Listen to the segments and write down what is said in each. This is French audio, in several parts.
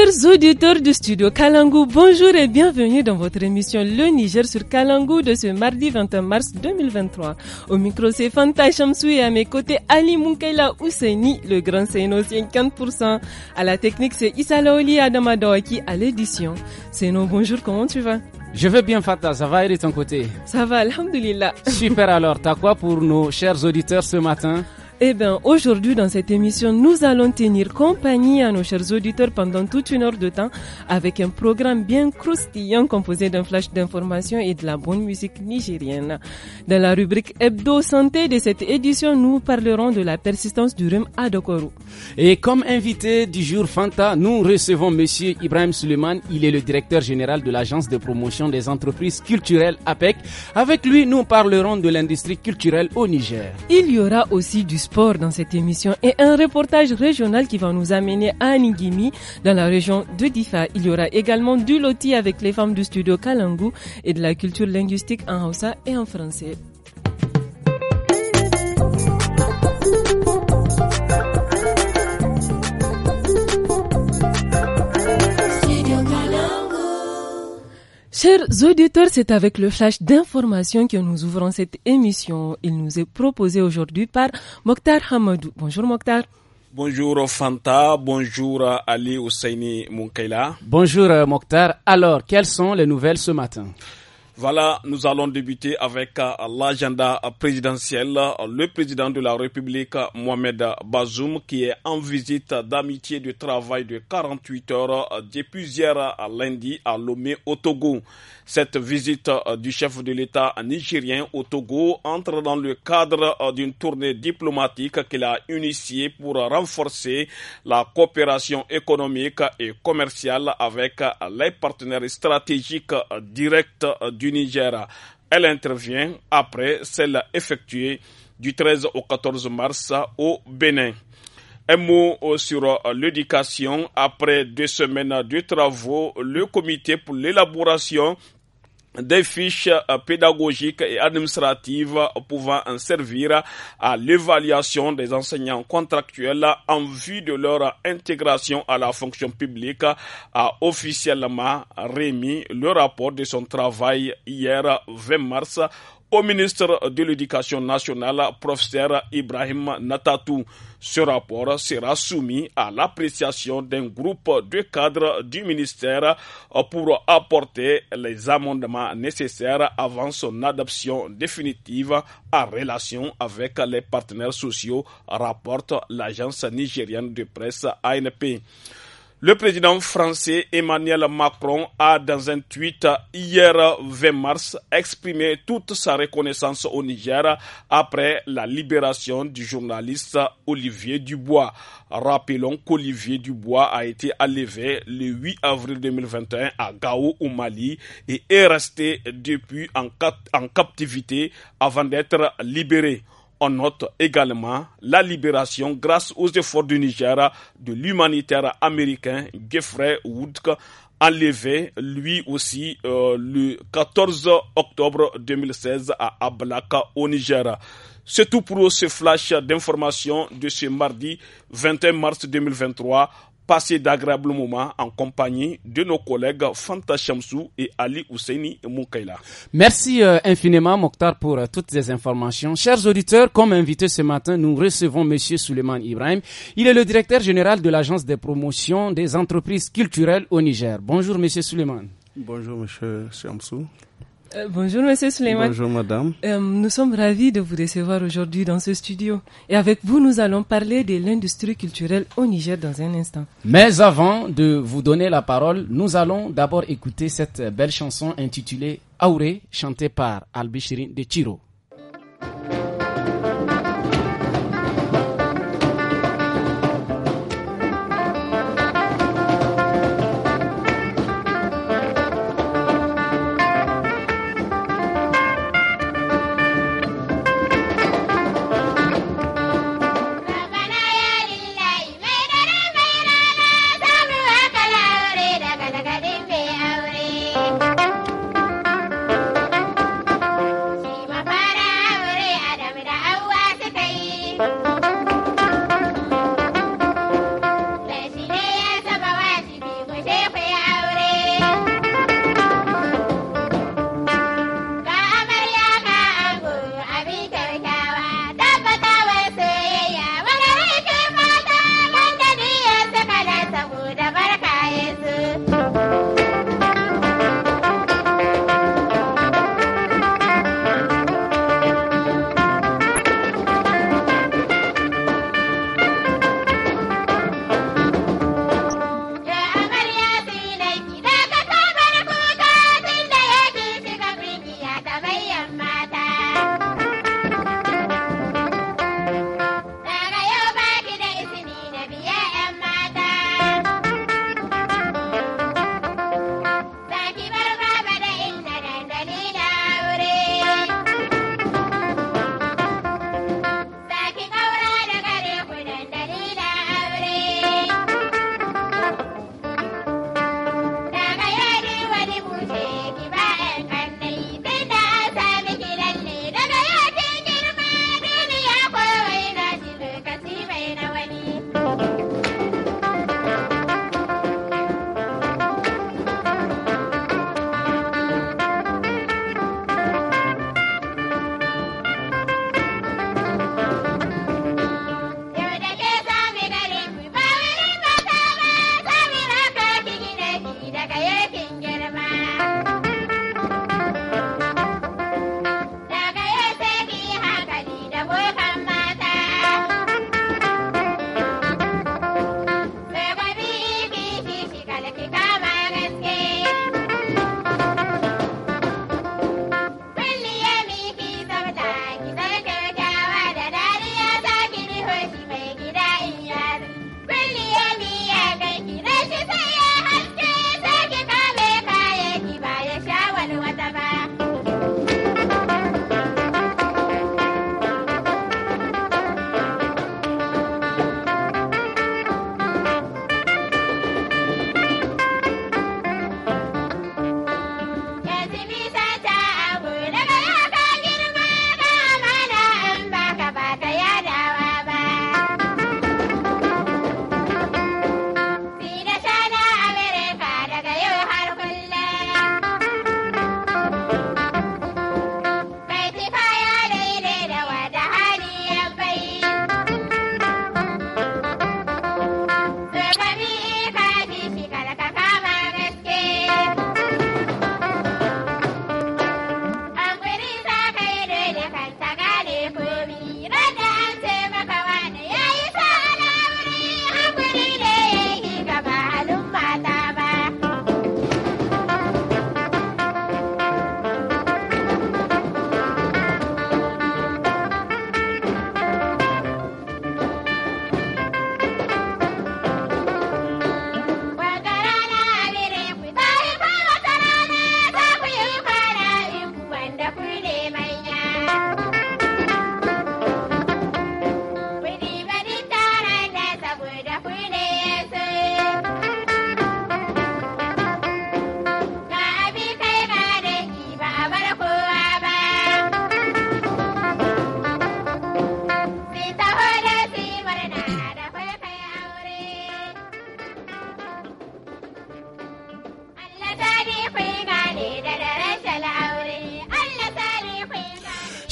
Chers auditeurs du studio Kalangu, bonjour et bienvenue dans votre émission Le Niger sur Kalangu de ce mardi 21 mars 2023. Au micro, c'est Fanta Chamsou et à mes côtés, Ali Moukaila Ouseni, le grand Seino 50%. À la technique, c'est Issa Adamado qui à l'édition. Seino bonjour, comment tu vas? Je vais bien, Fanta, Ça va et de ton côté Ça va, alhamdulillah. Super alors. T'as quoi pour nos chers auditeurs ce matin eh bien, aujourd'hui, dans cette émission, nous allons tenir compagnie à nos chers auditeurs pendant toute une heure de temps avec un programme bien croustillant composé d'un flash d'informations et de la bonne musique nigérienne. Dans la rubrique Hebdo Santé de cette édition, nous parlerons de la persistance du rhume à Dokoro. Et comme invité du jour Fanta, nous recevons Monsieur Ibrahim Suleiman. Il est le directeur général de l'Agence de promotion des entreprises culturelles APEC. Avec lui, nous parlerons de l'industrie culturelle au Niger. Il y aura aussi du sport sport dans cette émission et un reportage régional qui va nous amener à Nigimi dans la région de Difa. Il y aura également du loti avec les femmes du studio Kalangu et de la culture linguistique en Hausa et en français. Chers auditeurs, c'est avec le flash d'information que nous ouvrons cette émission. Il nous est proposé aujourd'hui par Mokhtar Hamadou. Bonjour Mokhtar. Bonjour Fanta, bonjour Ali Ousseini Munkaila. Bonjour euh, Mokhtar. Alors, quelles sont les nouvelles ce matin voilà, nous allons débuter avec euh, l'agenda présidentiel. Le président de la République, Mohamed Bazoum, qui est en visite d'amitié de travail de 48 heures euh, depuis hier à euh, lundi à Lomé au Togo. Cette visite du chef de l'État nigérien au Togo entre dans le cadre d'une tournée diplomatique qu'il a initiée pour renforcer la coopération économique et commerciale avec les partenaires stratégiques directs du elle intervient après celle effectuée du 13 au 14 mars au Bénin. Un mot euh, sur euh, l'éducation. Après deux semaines de travaux, le comité pour l'élaboration des fiches euh, pédagogiques et administratives pouvant en servir à l'évaluation des enseignants contractuels en vue de leur intégration à la fonction publique a officiellement remis le rapport de son travail hier 20 mars au ministre de l'Éducation nationale, professeur Ibrahim Natatou. Ce rapport sera soumis à l'appréciation d'un groupe de cadres du ministère pour apporter les amendements nécessaires avant son adoption définitive en relation avec les partenaires sociaux, rapporte l'agence nigérienne de presse ANP. Le président français Emmanuel Macron a, dans un tweet hier 20 mars, exprimé toute sa reconnaissance au Niger après la libération du journaliste Olivier Dubois. Rappelons qu'Olivier Dubois a été enlevé le 8 avril 2021 à Gao au Mali et est resté depuis en, en captivité avant d'être libéré. On note également la libération grâce aux efforts du Niger de l'humanitaire américain Geoffrey Woodke, enlevé lui aussi euh, le 14 octobre 2016 à Ablaka au Niger. C'est tout pour ce flash d'information de ce mardi 21 mars 2023 passé d'agréables moments en compagnie de nos collègues Fanta Chamsou et Ali Ousseini Moukaila. Merci euh, infiniment Mokhtar pour euh, toutes ces informations. Chers auditeurs, comme invité ce matin, nous recevons M. Suleiman Ibrahim. Il est le directeur général de l'Agence de promotion des entreprises culturelles au Niger. Bonjour Monsieur Suleiman. Bonjour Monsieur Chamsou. Euh, bonjour Monsieur Suleiman. Bonjour Madame. Euh, nous sommes ravis de vous recevoir aujourd'hui dans ce studio. Et avec vous, nous allons parler de l'industrie culturelle au Niger dans un instant. Mais avant de vous donner la parole, nous allons d'abord écouter cette belle chanson intitulée Auré, chantée par Albichirin de Chiro.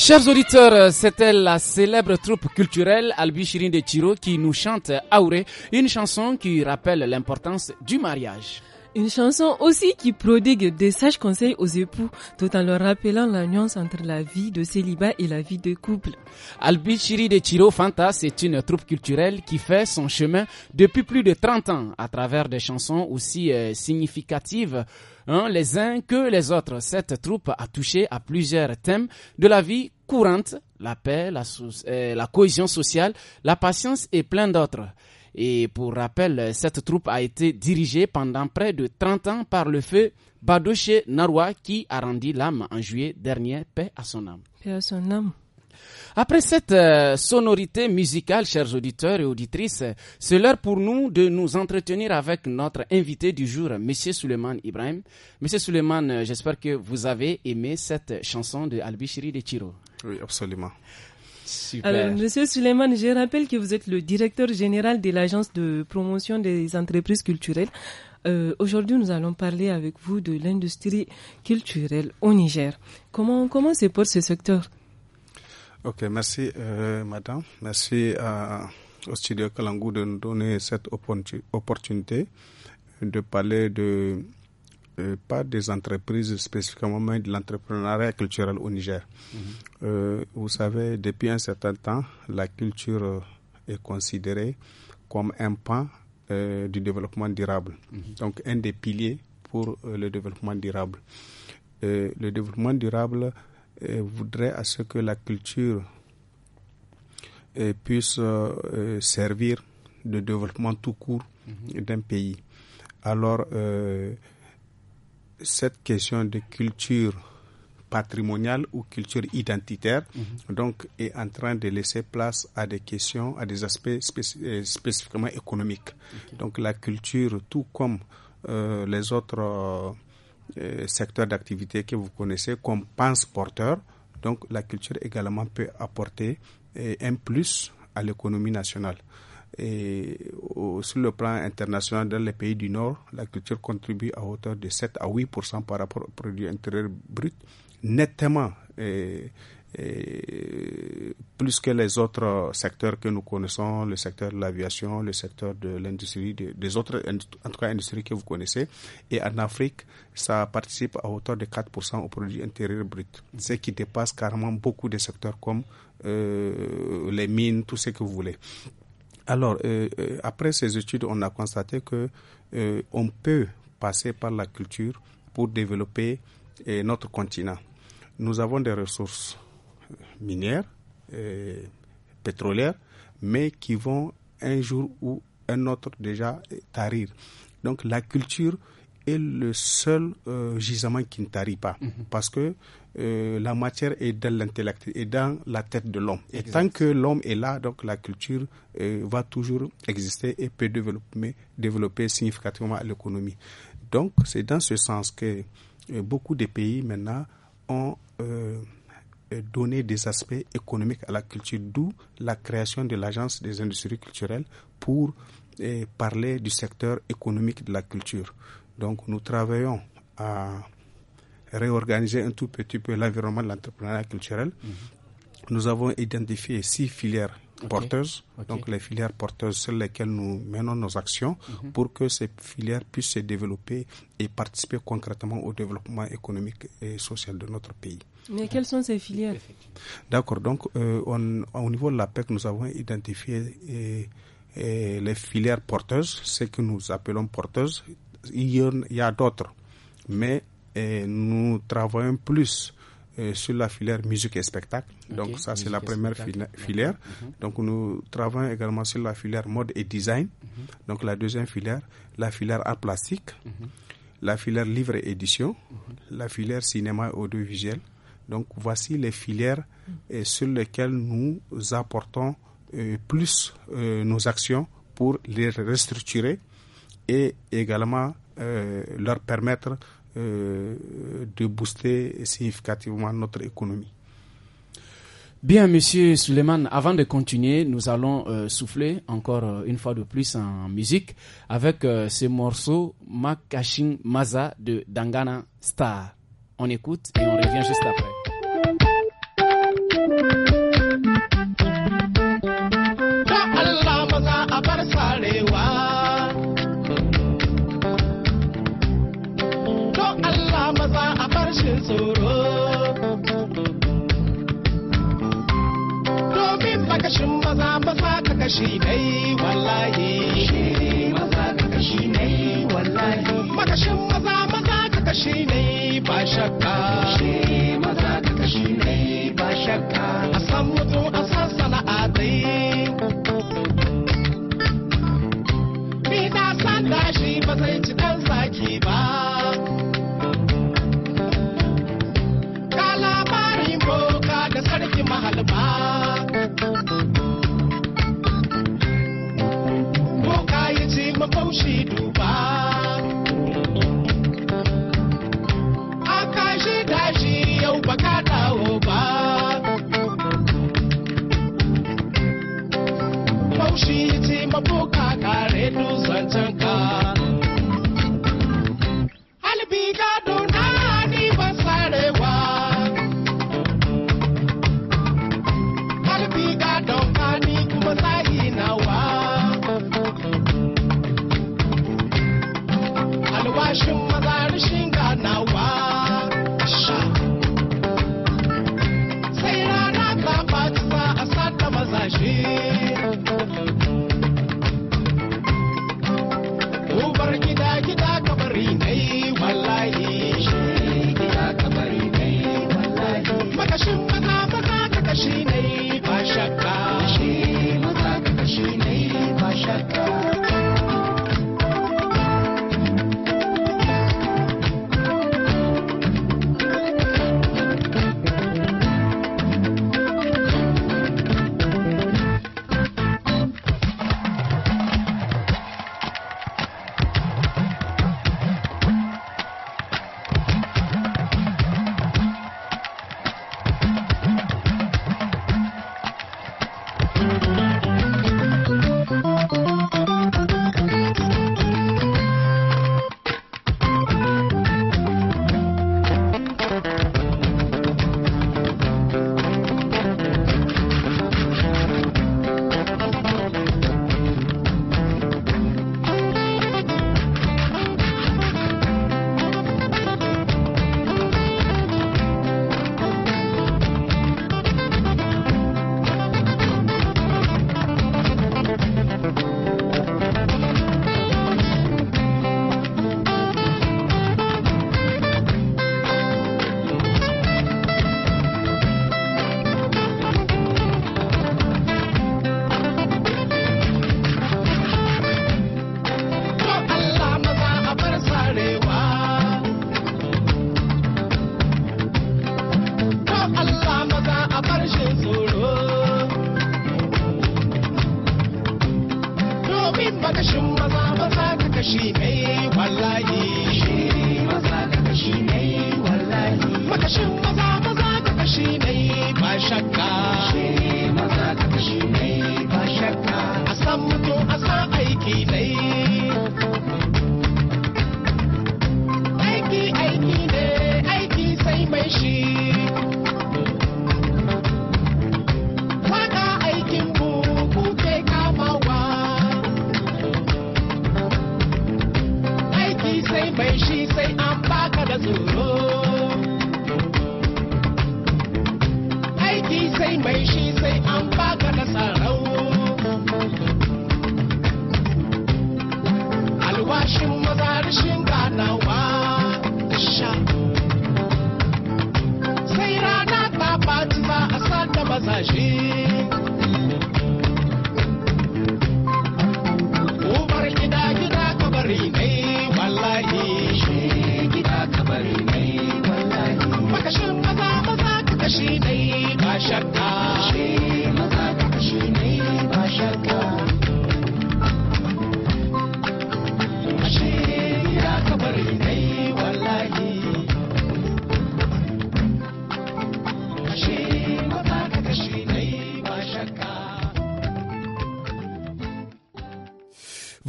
Chers auditeurs, c'était la célèbre troupe culturelle Albichirine de Tiro qui nous chante Auré, une chanson qui rappelle l'importance du mariage. Une chanson aussi qui prodigue des sages conseils aux époux, tout en leur rappelant la nuance entre la vie de célibat et la vie de couple. Chiri de Tiro, Fantas, c'est une troupe culturelle qui fait son chemin depuis plus de 30 ans à travers des chansons aussi euh, significatives Hein, les uns que les autres. Cette troupe a touché à plusieurs thèmes de la vie courante, la paix, la, euh, cohésion sociale, la patience et plein d'autres. Et pour rappel, cette troupe a été dirigée pendant près de 30 ans par le feu Badoche Narwa qui a rendu l'âme en juillet dernier. Paix à son âme. Paix à son âme. Après cette euh, sonorité musicale, chers auditeurs et auditrices, c'est l'heure pour nous de nous entretenir avec notre invité du jour, M. Suleiman Ibrahim. M. Suleiman, euh, j'espère que vous avez aimé cette chanson de Albichiri de Tiro. Oui, absolument. Super. Alors, Monsieur Suleiman, je rappelle que vous êtes le directeur général de l'Agence de promotion des entreprises culturelles. Euh, aujourd'hui, nous allons parler avec vous de l'industrie culturelle au Niger. Comment, comment se porte ce secteur Ok, merci euh, madame. Merci à, euh, au studio Kalangou de nous donner cette opportunité de parler de, euh, pas des entreprises spécifiquement, de l'entrepreneuriat culturel au Niger. Mm-hmm. vous savez, depuis un certain temps, la culture est considérée comme un pan du développement durable, mm-hmm. donc un des piliers pour le développement durable. le développement durable voudrait à ce que la culture euh, puisse euh, euh, servir de développement tout court mhm. d'un pays. Alors, cette question de culture patrimoniale ou culture identitaire, mhm. donc, est en train de laisser place à des questions, à des aspects spécifiquement économiques. Donc, la culture, tout comme les autres euh, secteur d'activité que vous connaissez comme pense porteur. Donc la culture également peut apporter euh, un plus à l'économie nationale. Et sur le plan international, dans les pays du Nord, la culture contribue à hauteur de 7 à 8 par rapport au produit intérieur brut, nettement eh, plus que les autres secteurs que nous connaissons, le secteur de l'aviation, le secteur de l'industrie, des autres, en tout cas, industries que vous connaissez. Et en Afrique, ça participe à hauteur de 4% au produit intérieur brut, ce qui dépasse carrément beaucoup de secteurs comme euh, les mines, tout ce que vous voulez. Alors, euh, euh, après ces études, on a constaté que on peut passer par la culture pour développer notre continent. Nous avons des ressources minières, pétrolières, mais qui vont un jour ou un autre déjà tarir. Donc la culture est le seul euh, gisement qui ne tarit pas, mhm. parce que euh, la matière est dans l'intellect et dans la tête de l'homme. Et tant que l'homme est là, donc la culture euh, va toujours exister et peut développer, développer significativement l'économie. Donc c'est dans ce sens que beaucoup de pays maintenant ont donner des aspects économiques à la culture, d'où la création de l'agence des industries culturelles pour eh, parler du secteur économique de la culture. Donc nous travaillons à réorganiser un tout petit peu l'environnement de l'entrepreneuriat culturel. Mhm. Nous avons identifié six filières porteuses, donc les filières porteuses sur lesquelles nous menons nos actions mhm. pour que ces filières puissent se développer et participer concrètement au développement économique et social de notre pays. Mais quelles sont ces filières D'accord, donc euh, au niveau de la nous avons identifié eh, eh, les filières porteuses, ce que nous appelons porteuses. Il y, en, a d'autres, mais eh, nous travaillons plus euh, sur la filière musique et spectacle. Donc ça, c'est la première filière. Mhm. Donc nous travaillons également sur la filière mode et design. Mhm. Donc la deuxième filière, la filière art plastique, mhm. la filière livre et édition, la filière cinéma et audiovisuel. Donc voici les filières euh, sur lesquelles nous apportons euh, plus nos actions pour les restructurer et également leur permettre euh, de booster significativement notre économie. Bien, Monsieur Suleiman, avant de continuer, nous allons euh, souffler encore euh, une fois de plus en musique avec ce morceau Makashing Maza de Dangana Star. On écoute et on revient juste après. tsoro domin makashin maza maza ka kashi dai wallahi maza ka kashi dai wallahi makashin maza maza ka kashi dai ba shakka maza ka kashi dai ba shakka a san mutum a san sana'a dai ni na san da shi ba zai ci dan zaki ba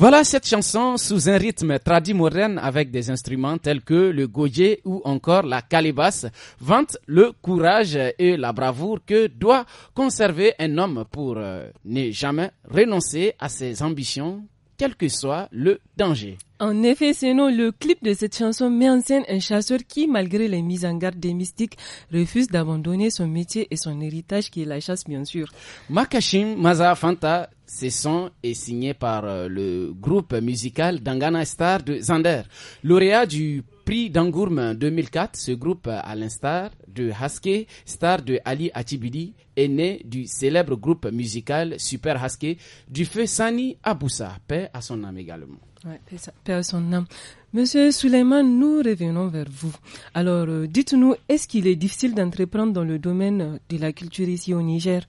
Voilà cette chanson sous un rythme tradit avec des instruments tels que le goje ou encore la calebasse vante le courage et la bravoure que doit conserver un homme pour euh, ne jamais renoncer à ses ambitions, quel que soit le danger. En effet, sinon, le clip de cette chanson met en scène un chasseur qui, malgré les mises en garde des mystiques, refuse d'abandonner son métier et son héritage qui est la chasse, bien sûr. Makashim Maza Fanta, ce son est signé par euh, le groupe musical Dangana Star de Zander. Lauréat du prix d'Angourme 2004, ce groupe, à l'instar de Haske, star de Ali Atibidi, est né du célèbre groupe musical Super Haske du feu Sani Aboussa. Paix à son âme également. Ouais, personne. Monsieur Suleiman, nous revenons vers vous. Alors, euh, dites-nous, est-ce qu'il est difficile d'entreprendre dans le domaine euh, de la culture ici au Niger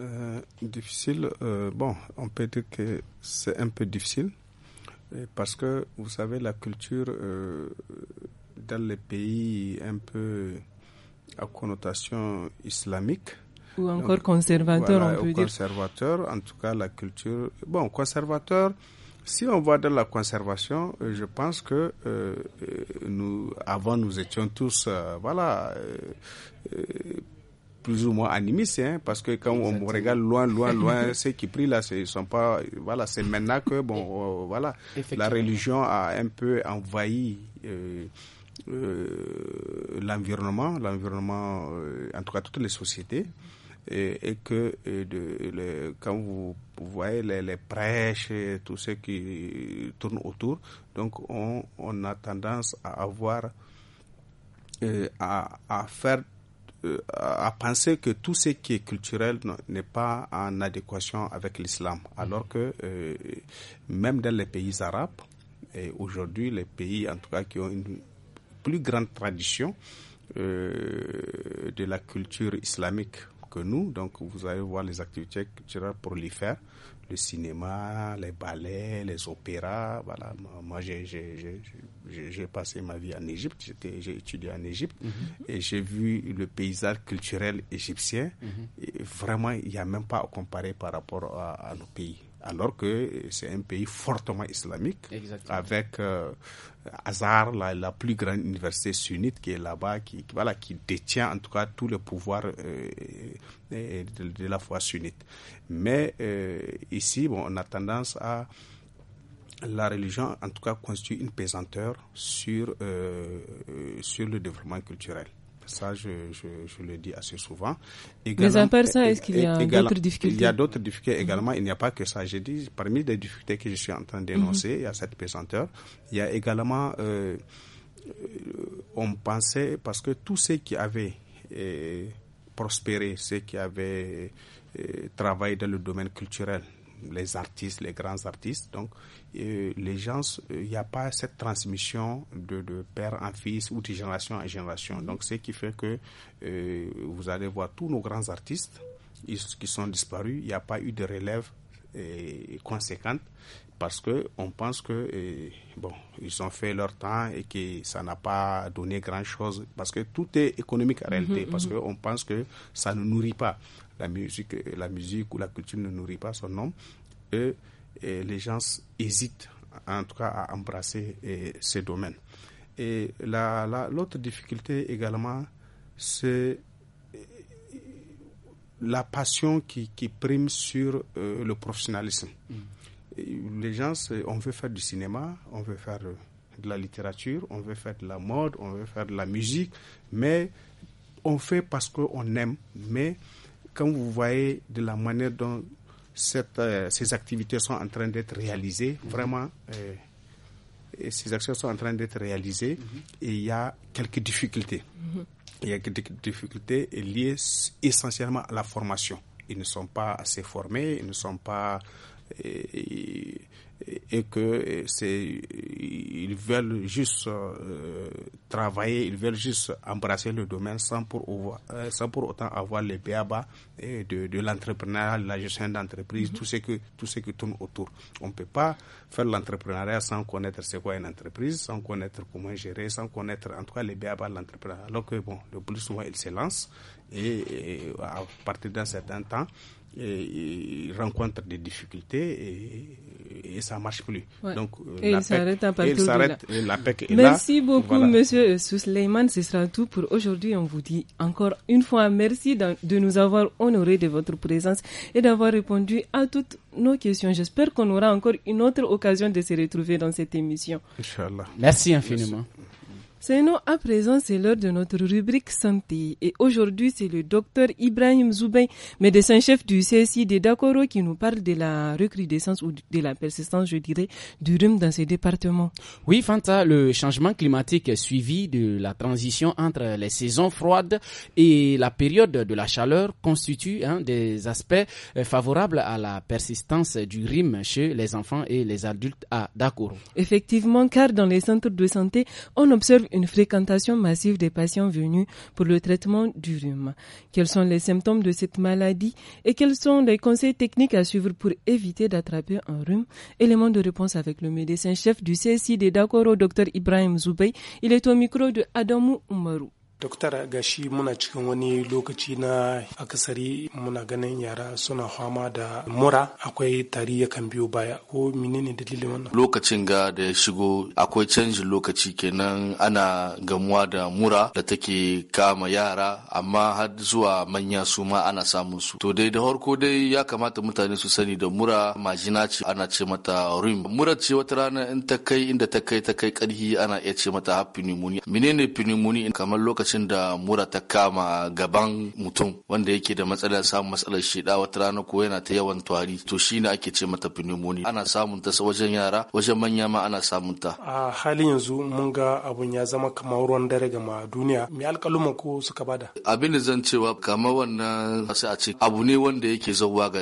euh, Difficile, bon, on peut dire que c'est un peu difficile parce que, vous savez, la culture dans les pays un peu à connotation islamique, ou encore conservateur, on peut dire. Conservateur, en tout cas la culture. Bon, conservateur, si on voit dans la conservation, euh, je pense que euh, euh, nous, avant, nous étions tous, voilà, plus ou moins animistes, hein, parce que quand on regarde loin, loin, loin, ceux qui prient là, ils sont pas, voilà, c'est maintenant que, bon, voilà, la religion a un peu envahi. l'environnement, l'environnement, en tout cas toutes les sociétés et, que de, quand vous, voyez les, prêches et tout ce qui tourne autour, donc on, a tendance à avoir, euh, à, faire, euh, à penser que tout ce qui est culturel n'est pas en adéquation avec l'islam, mm-hmm. alors que euh, même dans les pays arabes, et aujourd'hui les pays en tout cas qui ont une plus grande tradition, de la culture islamique que nous. Donc vous allez voir les activités culturelles prolifèrent, le cinéma, les ballets, les opéras. Voilà, moi j'ai passé ma vie en Égypte, j'ai étudié en Égypte mm-hmm. et j'ai vu le paysage culturel égyptien. Mm-hmm. et vraiment, il n'y a même pas à comparer par rapport à nos pays alors que c'est un pays fortement islamique, avec euh, la, plus grande université sunnite qui est là-bas, qui, qui, qui détient en tout cas tout le pouvoir euh, de, la foi sunnite. Mais euh, ici, bon, on a tendance à la religion, en tout cas, constitue une pesanteur sur, euh, sur le développement culturel. Ça, je, le dis assez souvent. Mais à part ça, est-ce qu'il y a d'autres difficultés Il y a d'autres difficultés également. Il n'y a pas que ça. J'ai dit, parmi les difficultés que je suis en train d'énoncer, mhm. il y a cette pesanteur. Il y a également, euh, euh, on pensait, parce que tous ceux qui avaient euh, prospéré, ceux qui avaient travaillé dans le domaine culturel, les artistes, les grands artistes. Donc, euh, les gens, il euh, n'y a pas cette transmission de, père en fils ou de génération en génération. Mhm. Donc, ce qui fait que euh, vous allez voir tous nos grands artistes ils, qui sont disparus, il n'y a pas eu de relève conséquente parce qu'on pense que eh, ils ont fait leur temps et que ça n'a pas donné grand chose parce que tout est économique en mhm, réalité parce mhm. qu'on pense que ça ne nourrit pas la musique eh, la musique ou la culture ne nourrit pas son nom et, eh, les gens hésitent en tout cas à embrasser ces domaines et l'autre difficulté également c'est la passion qui, prime sur euh, le professionnalisme. Mm les gens, on veut faire du cinéma, on veut faire de la littérature, on veut faire de la mode, on veut faire de la musique, mais on fait parce qu'on aime. Mais quand vous voyez de la manière dont cette, euh, ces activités sont en train d'être réalisées, mhm. vraiment, euh, ces actions sont en train d'être réalisées, mhm. et il y a quelques difficultés. Mhm. Il y a quelques difficultés liées essentiellement à la formation. Ils ne sont pas assez formés, ils ne sont pas et, et que c'est ils veulent juste euh, travailler, ils veulent juste embrasser le domaine sans pour, euh, sans pour autant avoir les béabas de, de l'entrepreneuriat, la gestion d'entreprise, mhm. tout ce que tout ce qui tourne autour. On ne peut pas faire l'entrepreneuriat sans connaître c'est quoi une entreprise, sans connaître comment gérer, sans connaître en tout cas les béabas de l'entrepreneuriat. Alors que bon, le plus souvent ils se lancent et à partir d'un certain temps, et, rencontrent des difficultés et, ça ne marche plus. Euh, et il s'arrête merci beaucoup, Monsieur Sousleiman. Ce sera tout pour aujourd'hui. On vous dit encore une fois merci de nous avoir honoré de votre présence et d'avoir répondu à toutes nos questions. J'espère qu'on aura encore une autre occasion de se retrouver dans cette émission. Inch'Allah. Merci infiniment. C'est à présent, c'est l'heure de notre rubrique santé. Et aujourd'hui, c'est le docteur Ibrahim Zoubey, médecin-chef du CSI de Dakoro, qui nous parle de la recrudescence ou de la persistance, je dirais, du rhume dans ces départements. Oui, Fanta, le changement climatique suivi de la transition entre les saisons froides et la période de la chaleur constitue un des aspects euh, favorables à la persistance du rhume chez les enfants et les adultes à Dakoro. Effectivement, car dans les centres de santé, on observe une fréquentation massive des patients venus pour le traitement du rhume. Quels sont les symptômes de cette maladie et quels sont les conseils techniques à suivre pour éviter d'attraper un rhume Élément de réponse avec le médecin-chef du CSI des Dakoro, Dr Ibrahim Zoubey. Il est au micro de Adamou Oumarou. Doktor gashi muna cikin wani lokaci na akasari muna ganin yara suna fama da mura akwai tari yakan biyo baya ko menene dalilin wannan. Lokacin ga da ya shigo akwai canjin lokaci kenan ana gamuwa da mura da take kama yara amma har zuwa manya su ma ana samun su. To dai da harko dai ya kamata mutane su sani da mura majina ce ana ce mata rim. Mura ce wata rana in ta kai inda ta kai ta kai karhi ana iya ce mata pneumonia. Menene pneumonia kamar lokaci. lokacin da mura ta kama gaban mutum wanda yake da matsalar samun matsalar shida wata rana ko yana ta yawan tari to ne ake ce mata pneumonia ana samun ta wajen yara wajen manya ma ana samun ta a halin yanzu mun ga abun ya zama kamar ruwan dare ga ma duniya me alƙaluma ko suka bada abin da zan cewa kama wannan sai a ce abu ne wanda yake zauwa ga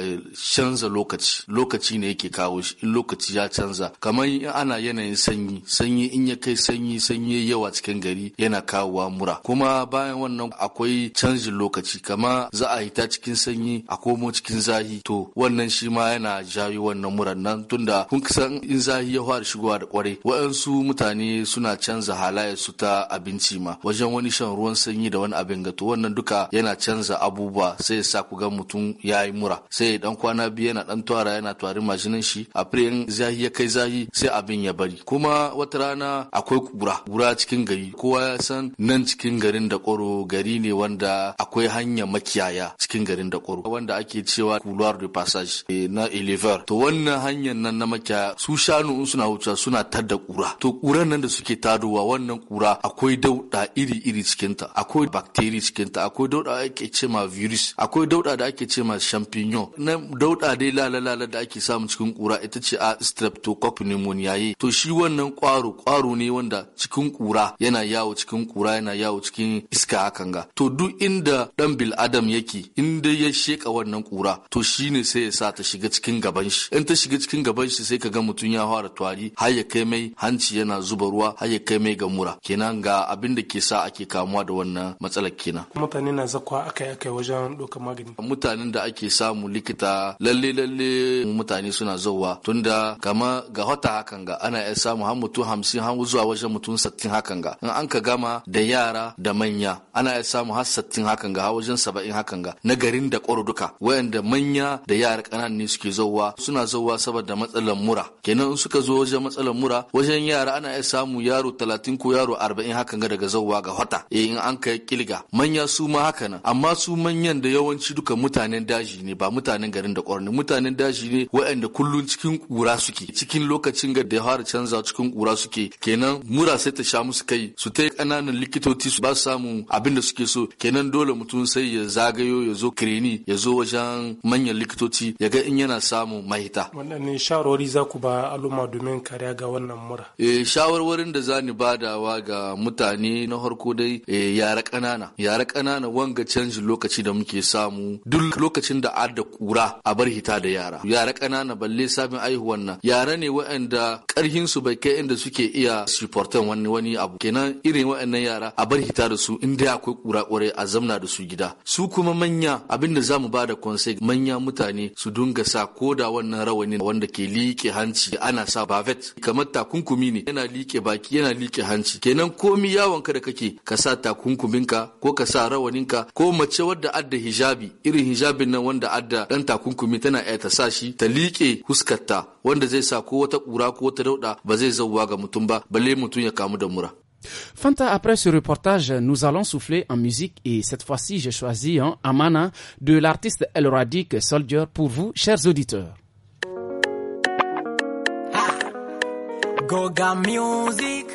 canza lokaci lokaci ne yake kawo shi in lokaci ya canza kamar in ana yanayin sanyi sanyi in ya kai sanyi sanyi yawa cikin gari yana kawowa mura ko kuma bayan wannan akwai canjin lokaci kama za a hita cikin sanyi a komo cikin zahi to wannan shi ma yana jayo wannan muran nan tunda kun san in zahi ya fara shigowa da kwarai waɗansu mutane suna canza halaye su ta abinci ma wajen wani shan ruwan sanyi da wani abin gato wannan duka yana canza abubuwa sai ya sa ku ga mutum ya yi mura sai dan kwana biyu yana dan tawara yana tuwarin mashinin shi a in zahi ya kai zahi sai abin ya bari kuma wata rana akwai kura kura cikin gari kowa ya san nan cikin gari garin da koro gari ne wanda akwai hanya makiyaya cikin garin da koro wanda ake cewa couloir de passage eh, na elever to wannan hanyar nan na makiyaya su shanu in suna wuce suna tadda kura to kuran nan da suke tadowa wannan kura akwai dauda iri-iri cikin ta akwai bacteria ta akwai dauda da ake ce ma virus akwai dauda da ake ce ma champignon na dauda dai lala-lala da ake samu cikin kura ita ce a streptococcus pneumoniae to shi wannan kwaro kwaro ne wanda cikin kura yana yawo cikin kura yana yawo cikin iska hakan ga to duk inda dan bil adam yake inda ya sheka wannan kura to shine sai ya sa ta shiga cikin gaban shi in ta shiga cikin gaban shi sai ka ga mutum ya fara tari har ya kai mai hanci yana zuba ruwa har ya kai mai ga mura kenan ga abin da ke sa ake kamuwa da wannan matsalar kenan mutane na zakwa akai akai wajen dokar magani mutanen da ake samu likita lalle lalle mutane suna zauwa tunda kama ga hota hakan ga ana iya samu har mutum hamsin har zuwa wajen mutum sattin hakan ga in an ka gama da yara da manya ana iya samun har sittin hakan ga wajen saba'in hakan ga na garin da ƙwaro duka wayanda manya da yara ƙanana ne suke zauwa suna zauwa saboda matsalar mura kenan in suka zo wajen matsalar mura wajen yara ana iya samu yaro talatin ko yaro arba'in hakan ga daga zauwa ga wata eh in an kai kilga manya su ma haka nan amma su manyan da yawanci duka mutanen daji ne ba mutanen garin da kwarne. mutanen daji ne wayanda kullun cikin kura suke cikin lokacin ga da ya fara canza cikin kura suke kenan mura sai ta sha musu kai su ta ƙananan likitoci su ba su samu abin da suke so kenan dole mutum sai ya zagayo ya zo kireni ya zo wajen manyan likitoci ya ga in yana samu mahita wannan ne shawarwari za ku ba al'umma domin kariya ga wannan mura eh shawarwarin da za ni badawa ga mutane na harko dai eh, yara ƙanana yara ƙanana wanga canjin lokaci da muke samu duk lokacin da adda kura a bar hita da yara yara ƙanana balle sabin aihuwan nan yara ne waɗanda ƙarhin su bai kai inda suke iya supportan wani wani abu kenan irin waɗannan yara a bar hita fita da su in akwai kura kwarai a zamna da su gida su kuma manya abinda za mu bada konsai manya mutane su dunga sa koda wannan rawanin wanda ke liƙe hanci ana sa bavet kamar takunkumi ne yana liƙe baki yana liƙe hanci kenan komi yawon ka da kake ka sa takunkuminka ko ka sa rawaninka ko mace wadda adda hijabi irin hijabin nan wanda adda dan takunkumi tana iya ta sa shi ta liƙe huskarta wanda zai sa ko wata ƙura ko wata dauɗa ba zai zauwa ga mutum ba balle mutum ya kamu da mura Fanta, après ce reportage, nous allons souffler en musique et cette fois-ci, j'ai choisi un hein, Amana de l'artiste El Radic Soldier pour vous, chers auditeurs. Ah, Music,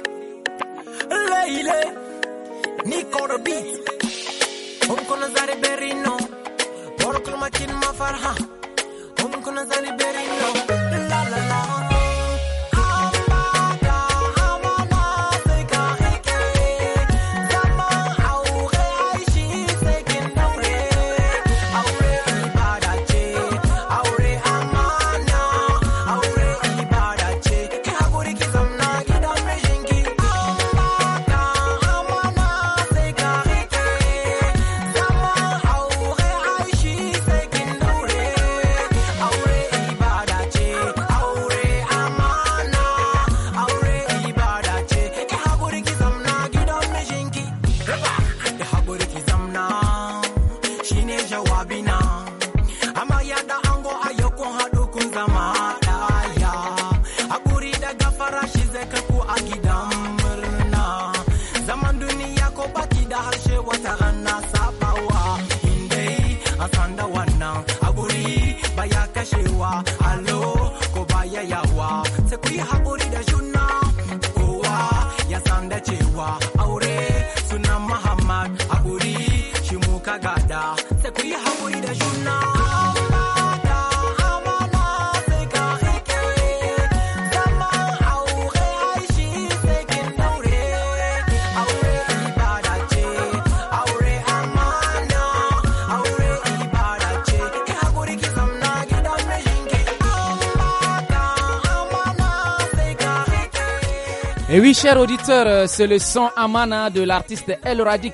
chers auditeurs, euh, c'est le son Amana de l'artiste El Radix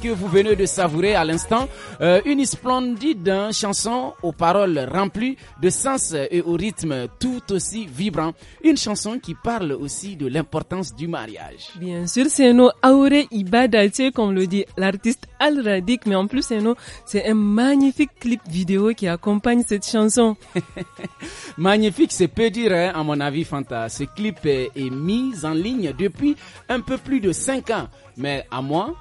que vous venez de savourer à l'instant. Euh, une splendide hein, chanson aux paroles remplies de sens et au rythme tout aussi vibrant. Une chanson qui parle aussi de l'importance du mariage. Bien sûr, c'est nos Aure Ibadate, comme le dit l'artiste Al Radik, mais en plus, c'est un magnifique clip vidéo qui accompagne cette chanson. magnifique, c'est peu dire, hein, à mon avis, Fanta. Ce clip est, mis en ligne depuis un peu plus de 5 ans. Mais à moi,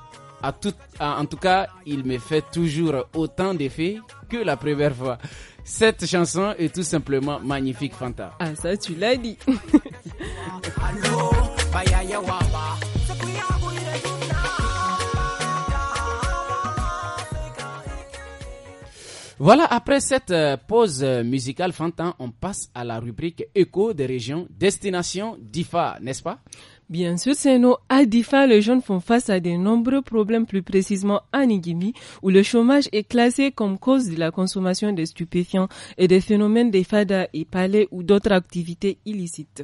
à tout, en tout cas, il me fait toujours autant d'effet que la première fois. Cette chanson est tout simplement magnifique, Fanta. Ah, ça, tu l'as dit. Voilà, après cette euh, pause euh, musicale Fantin, on passe à la rubrique écho des régions, destination d'IFA, n'est-ce pas Bien sûr, c'est nous. À Difa, les jeunes font face à de nombreux problèmes, plus précisément à Nigimi, où le chômage est classé comme cause de la consommation des stupéfiants et des phénomènes des fada et palais ou d'autres activités illicites.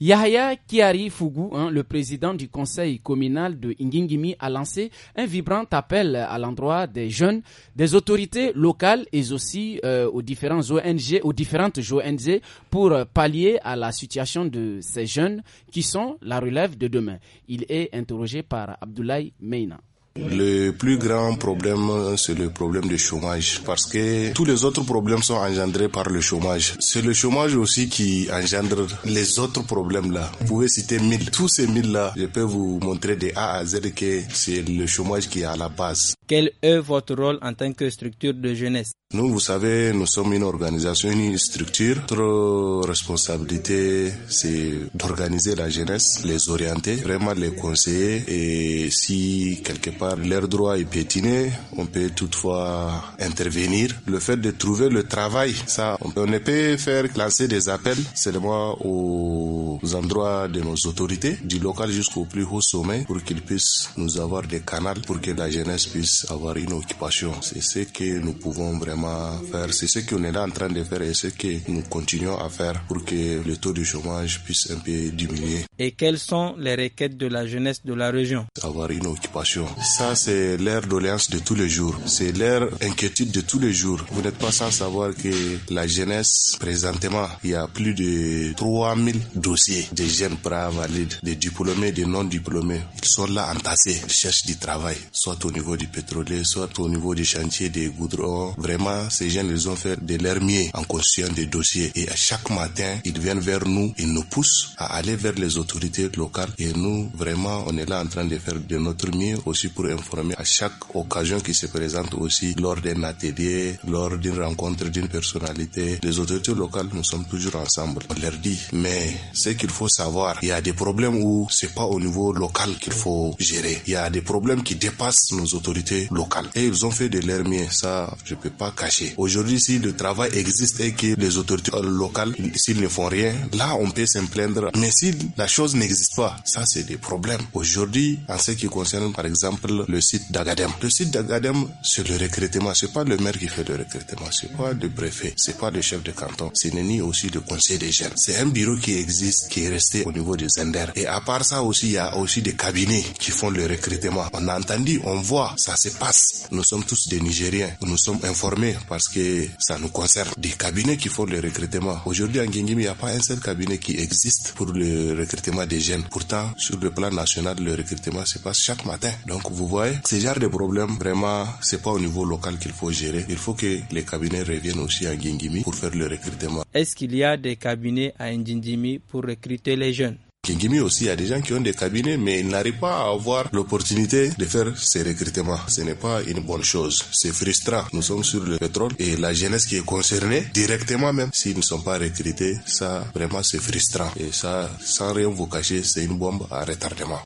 Yahya Kiari Fougou, hein, le président du conseil communal de Ngingimi, a lancé un vibrant appel à l'endroit des jeunes, des autorités locales et aussi euh, aux différentes ONG, aux différentes ONG pour pallier à la situation de ces jeunes qui sont la relève de demain. Il est interrogé par Abdoulaye Meina. Le plus grand problème, c'est le problème du chômage, parce que tous les autres problèmes sont engendrés par le chômage. C'est le chômage aussi qui engendre les autres problèmes là. Vous pouvez citer mille. Tous ces mille là, je peux vous montrer de A à Z que c'est le chômage qui est à la base. Quel est votre rôle en tant que structure de jeunesse nous, vous savez, nous sommes une organisation, une structure. Notre responsabilité, c'est d'organiser la jeunesse, les orienter, vraiment les conseiller. Et si quelque part leur droit est pétiné, on peut toutefois intervenir. Le fait de trouver le travail, ça, on ne peut faire lancer des appels seulement aux endroits de nos autorités, du local jusqu'au plus haut sommet, pour qu'ils puissent nous avoir des canaux, pour que la jeunesse puisse avoir une occupation. C'est ce que nous pouvons vraiment à faire. C'est ce qu'on est là en train de faire et ce que nous continuons à faire pour que le taux de chômage puisse un peu diminuer. Et quelles sont les requêtes de la jeunesse de la région Avoir une occupation. Ça, c'est l'air d'oléance de tous les jours. C'est l'air inquiétude de tous les jours. Vous n'êtes pas sans savoir que la jeunesse, présentement, il y a plus de 3000 dossiers de jeunes pré valides, des diplômés, des non-diplômés. Ils sont là entassés, ils cherchent du travail, soit au niveau du pétrolier, soit au niveau du chantier des goudrons. Vraiment, ces jeunes, les ont fait de leur mieux en conscient des dossiers. Et à chaque matin, ils viennent vers nous, ils nous poussent à aller vers les autorités locales. Et nous, vraiment, on est là en train de faire de notre mieux aussi pour informer à chaque occasion qui se présente aussi lors d'un atelier, lors d'une rencontre d'une personnalité. Les autorités locales, nous sommes toujours ensemble. On leur dit, mais ce qu'il faut savoir, il y a des problèmes où c'est pas au niveau local qu'il faut gérer. Il y a des problèmes qui dépassent nos autorités locales. Et ils ont fait de leur mieux. Ça, je peux pas Aujourd'hui, si le travail existe et que les autorités locales, s'ils ne font rien, là, on peut s'en plaindre. Mais si la chose n'existe pas, ça, c'est des problèmes. Aujourd'hui, en ce qui concerne, par exemple, le site d'Agadem. Le site d'Agadem, c'est le recrutement. C'est pas le maire qui fait le recrutement. C'est pas le préfet. C'est pas le chef de canton. C'est ni aussi le conseil des jeunes. C'est un bureau qui existe, qui est resté au niveau des Enders. Et à part ça aussi, il y a aussi des cabinets qui font le recrutement. On a entendu, on voit, ça se passe. Nous sommes tous des Nigériens. Nous sommes informés parce que ça nous concerne. Des cabinets qui font le recrutement. Aujourd'hui, en Guingimi, il n'y a pas un seul cabinet qui existe pour le recrutement des jeunes. Pourtant, sur le plan national, le recrutement se passe chaque matin. Donc, vous voyez, ce genre de problème, vraiment, c'est pas au niveau local qu'il faut gérer. Il faut que les cabinets reviennent aussi à Guingimi pour faire le recrutement. Est-ce qu'il y a des cabinets à Ndindimi pour recruter les jeunes Kingimi aussi, il y a des gens qui ont des cabinets, mais ils n'arrivent pas à avoir l'opportunité de faire ces recrutements. Ce n'est pas une bonne chose. C'est frustrant. Nous sommes sur le pétrole et la jeunesse qui est concernée, directement même, s'ils ne sont pas recrutés, ça, vraiment, c'est frustrant. Et ça, sans rien vous cacher, c'est une bombe à retardement.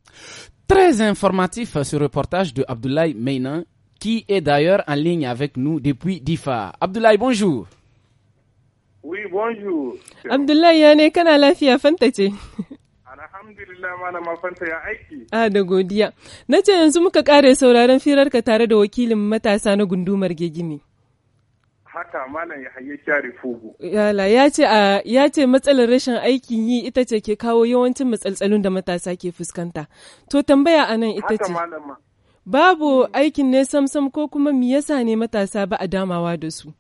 Très informatif euh, ce reportage de Abdoulaye Meynan, qui est d'ailleurs en ligne avec nous depuis DIFA. Abdoulaye, bonjour. Oui, bonjour. Abdoulaye, Alhamdulillah malama Fanta ya aiki. A da godiya. Na ce yanzu muka kare sauraron firarka tare da wakilin matasa na gundumar Gegime. Haka malam ya haye kyare fugu. Yala ya ce a ya ce matsalar rashin aikin yi ita ce ke kawo yawancin matsaltsalun da matasa ke fuskanta. To tambaya a nan ita ce. Babu aikin ne samsam ko kuma me yasa ne matasa ba a damawa da su?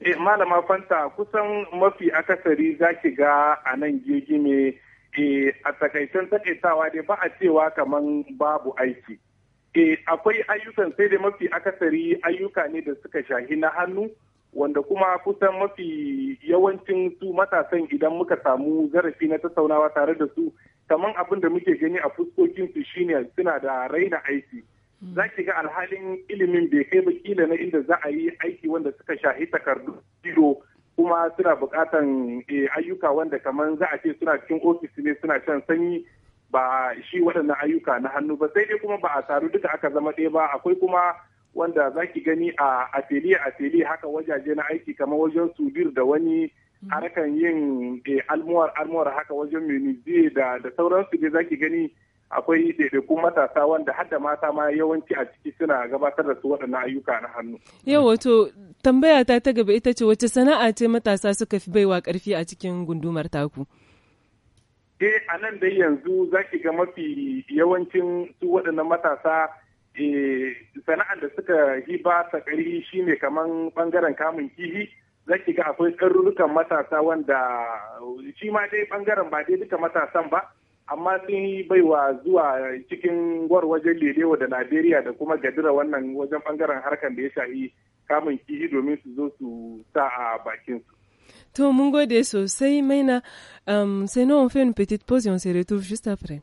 Eh, malama fanta kusan mafi akasari za ki ga a nan gegime eh a takaicen takaitawa dai ba a cewa kamar babu aiki e akwai ayyukan sai dai mafi akasari ayyuka ne da suka shahi na hannu wanda kuma kusan mafi yawancin su matasan idan muka samu zarafi na tattaunawa tare da su kaman abin da muke gani a fuskokinsu shine suna da raina aiki hmm. za ki ga alhalin ilimin bai kai ba kila na inda za a yi aiki wanda suka shahi takardu ido kuma suna bukatan eh, ayyuka wanda kamar za a ce suna cikin ofis ne suna shan sanyi ba shi waɗannan ayyuka na hannu ba sai dai kuma ba a taru duka aka zama ɗaya ba akwai kuma wanda za ki gani a a atelier haka wajaje na aiki kamar wajen subir da wani harkan yin eh, almuwar almuwar haka wajen munizie da da sauransu ne za ki gani akwai ɗaiɗaikun matasa wanda har da mata ma yawanci a ciki suna gabatar da su waɗannan ayyuka na hannu. Yau wato tambaya ta ta gaba ita ce wace sana'a ce matasa suka fi baiwa ƙarfi a cikin gundumar taku? Eh a nan dai yanzu za ki ga mafi yawancin su waɗannan matasa eh, sana'ar da suka yi ba ta ƙari ne kaman ɓangaren kamun kihi. za ki ga akwai ƙarurrukan matasa wanda shi ma dai ɓangaren ba dai duka matasan ba amma sun yi baiwa zuwa cikin gwar wajen lelewa da najeriya da kuma gadira wannan wajen bangaren harkar da ya shahi kamun kihi domin su zo su sa a bakin su To, mun gode sosai maina, um, sai nawa fain petit position se retrouve juste après.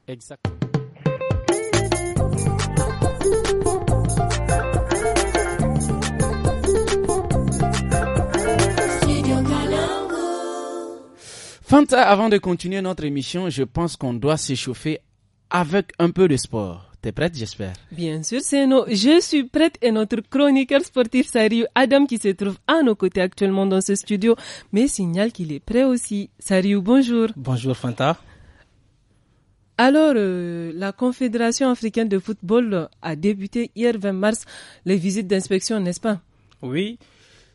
Fanta, avant de continuer notre émission, je pense qu'on doit s'échauffer avec un peu de sport. T'es prête, j'espère Bien sûr, c'est nous. Je suis prête et notre chroniqueur sportif Sariu Adam, qui se trouve à nos côtés actuellement dans ce studio, mais signale qu'il est prêt aussi. Sariu, bonjour. Bonjour, Fanta. Alors, euh, la Confédération africaine de football a débuté hier 20 mars les visites d'inspection, n'est-ce pas Oui,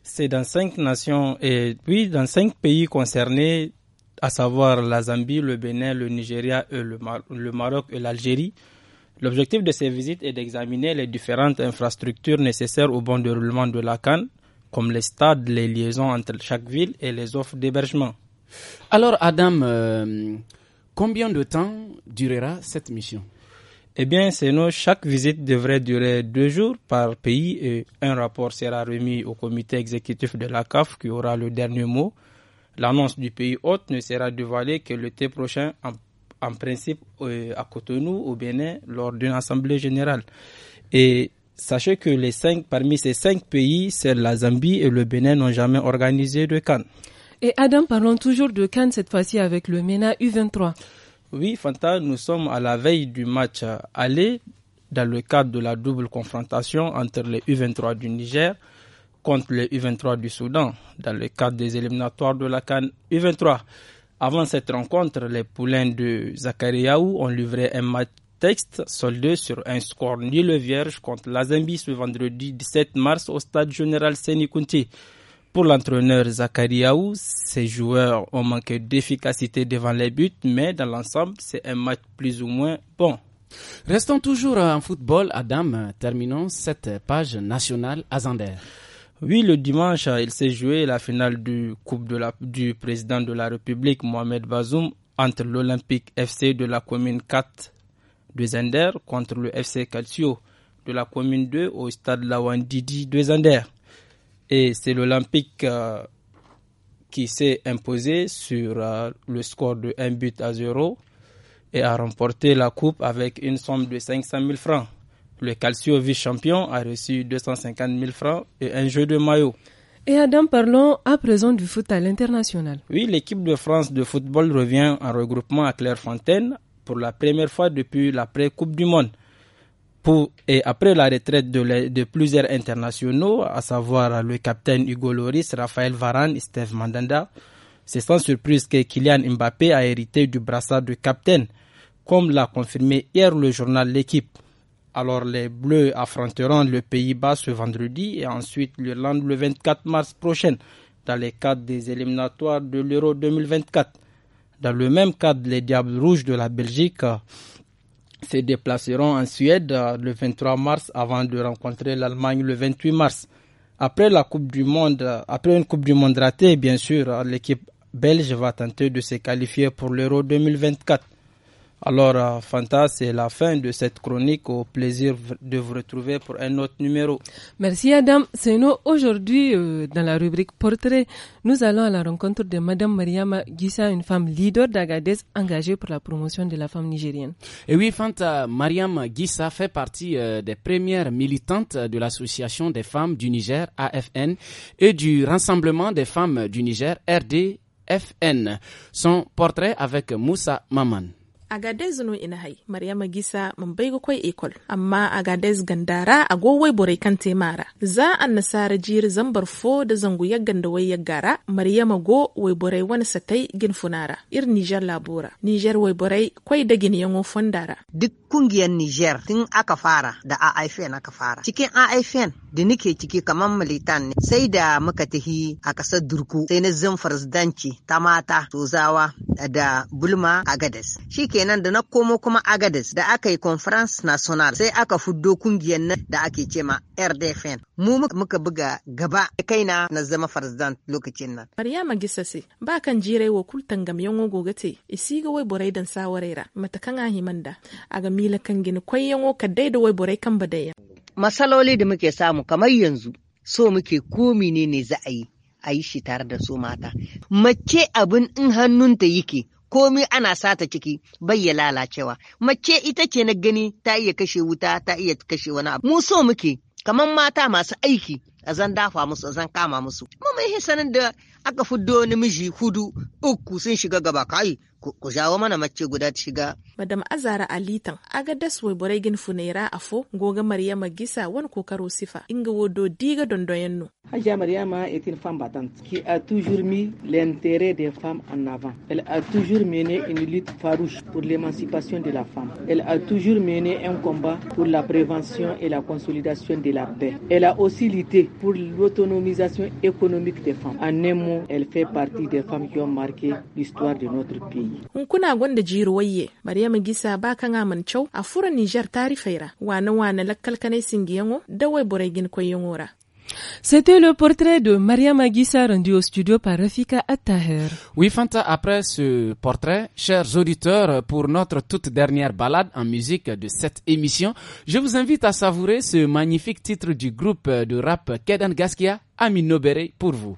c'est dans cinq nations et oui, dans cinq pays concernés à savoir la Zambie, le Bénin, le Nigeria, le, Maroc et l'Algérie. L'objectif de ces visites est d'examiner les différentes infrastructures nécessaires au bon déroulement de la Cannes, comme les stades, les liaisons entre chaque ville et les offres d'hébergement. Alors Adam, euh, combien de temps durera cette mission Eh bien, nous, chaque visite devrait durer deux jours par pays et un rapport sera remis au comité exécutif de la CAF qui aura le dernier mot L'annonce du pays hôte ne sera dévoilée que l'été prochain, en, principe euh, à Cotonou, au Bénin, lors d'une assemblée générale. Et sachez que les cinq, parmi ces cinq pays, c'est la Zambie et le Bénin n'ont jamais organisé de Cannes. Et Adam, parlons toujours de Cannes cette fois-ci avec le MENA U23. Oui, Fanta, nous sommes à la veille du match aller dans le cadre de la double confrontation entre les U23 du Niger contre le U23 du Soudan dans le cadre des éliminatoires de la Cannes U23. Avant cette rencontre, les poulains de Zakariaou ont livré un match texte soldé sur un score nul vierge contre la ce vendredi 17 mars au stade général Sénikounti. Pour l'entraîneur Zakariaou, ses joueurs ont manqué d'efficacité devant les buts, mais dans l'ensemble, c'est un match plus ou moins bon. Restons toujours en football, Adam. Terminons cette page nationale à oui, le dimanche, euh, il s'est joué la finale du Coupe du président de la République, Mohamed Bazoum, entre l'Olympique FC de la commune 4 de Zender contre le FC Calcio de la commune 2 au stade Lawandidi de Zender. Et c'est l'Olympique euh, qui s'est imposé sur euh, le score de 1 but à 0 et a remporté la coupe avec une somme de 500 000 francs. Le Calcio vice-champion a reçu 250 000 francs et un jeu de maillot. Et Adam, parlons à présent du foot à l'international. Oui, l'équipe de France de football revient en regroupement à Clairefontaine pour la première fois depuis l'après-Coupe du Monde. Pour, et après la retraite de, de, plusieurs internationaux, à savoir le capitaine Hugo Loris, Raphaël Varane et Steve Mandanda, c'est sans surprise que Kylian Mbappé a hérité du brassard de capitaine, comme l'a confirmé hier le journal L'équipe. Alors les Bleus affronteront le Pays-Bas ce vendredi et ensuite l'Irlande le 24 mars prochain dans les cadres des éliminatoires de l'Euro 2024. Dans le même cadre, les Diables Rouges de la Belgique euh, se déplaceront en Suède euh, le 23 mars avant de rencontrer l'Allemagne le 28 mars. Après la Coupe du Monde, euh, après une Coupe du Monde ratée, bien sûr, l'équipe belge va tenter de se qualifier pour l'Euro 2024. Alors, euh, Fanta, c'est la fin de cette chronique. Au plaisir de vous retrouver pour un autre numéro. Merci, Adam. C'est nous aujourd'hui, euh, dans la rubrique Portrait, nous allons à la rencontre de Madame Mariama Gissa, une femme leader d'Agadez engagée pour la promotion de la femme nigérienne. Et oui, Fanta, Mariam Gissa fait partie euh, des premières militantes de l'Association des femmes du Niger, AFN, et du Rassemblement des femmes du Niger, RDFN. Son portrait avec Moussa Maman. gadez no ina hai maryama gisa mun bai ga kwai ekol amma a gadez gandara gowai borai kan temara za an nasara jir zambar fo da zangu ya ganda wai yaggara maryama go wai borai wani satai gin funara ir niger labora niger wai borai kwai da gin yango fondara duk kungiyar niger tun aka fara da AIFN aka fara cikin AIFN da nike ciki kamar militan ne sai da muka tahi a kasar durku sai na zan farzdanci ta mata tozawa da bulma agades kenan da na komo kuma agades da aka yi conference national sai aka fuddo kungiyar nan da ake ce ma rdfn mu muka buga gaba kai na na zama farzdan lokacin nan maryama gisase ba kan jirai wa kultan miyan wogo gate isi ga wai borai dan sawarera matakan ahimanda a ga mila kan gini kwai yango kaddai da wai borai kan badaya Matsaloli da muke samu kamar yanzu so muke komi ne ne za a yi a yi shi tare da su mata mace abin in hannunta yake komi ana sata ciki bai ya lalacewa mace ita ce na gani ta iya kashe wuta ta iya kashe wani abu mu so muke kamar mata masu aiki a zan dafa musu a zan kama musu Mu mai sanin da Madame miji hudu uku sun shiga gaba kai ku jawo mana mace guda ta shiga. Madam Azara Alitan aga daswe boregin funera afo goga Maryama Gisa wan kokaro sifa wodo diga dondoyen no. Mariam Maryama est une femme battante qui a toujours mis l'intérêt des femmes en avant. Elle a toujours mené une lutte farouche pour l'émancipation de la femme. Elle a toujours mené un combat pour la prévention et la consolidation de la paix. Elle a aussi lutté pour l'autonomisation économique des femmes. En un mot, elle fait partie des femmes qui ont marqué l'histoire de notre pays. c'était le portrait de Maria Magissa rendu au studio par Rafika Attaher. Oui, Fanta, après ce portrait, chers auditeurs, pour notre toute dernière balade en musique de cette émission, je vous invite à savourer ce magnifique titre du groupe de rap Kedan Gaskia, Amin Nobere, pour vous.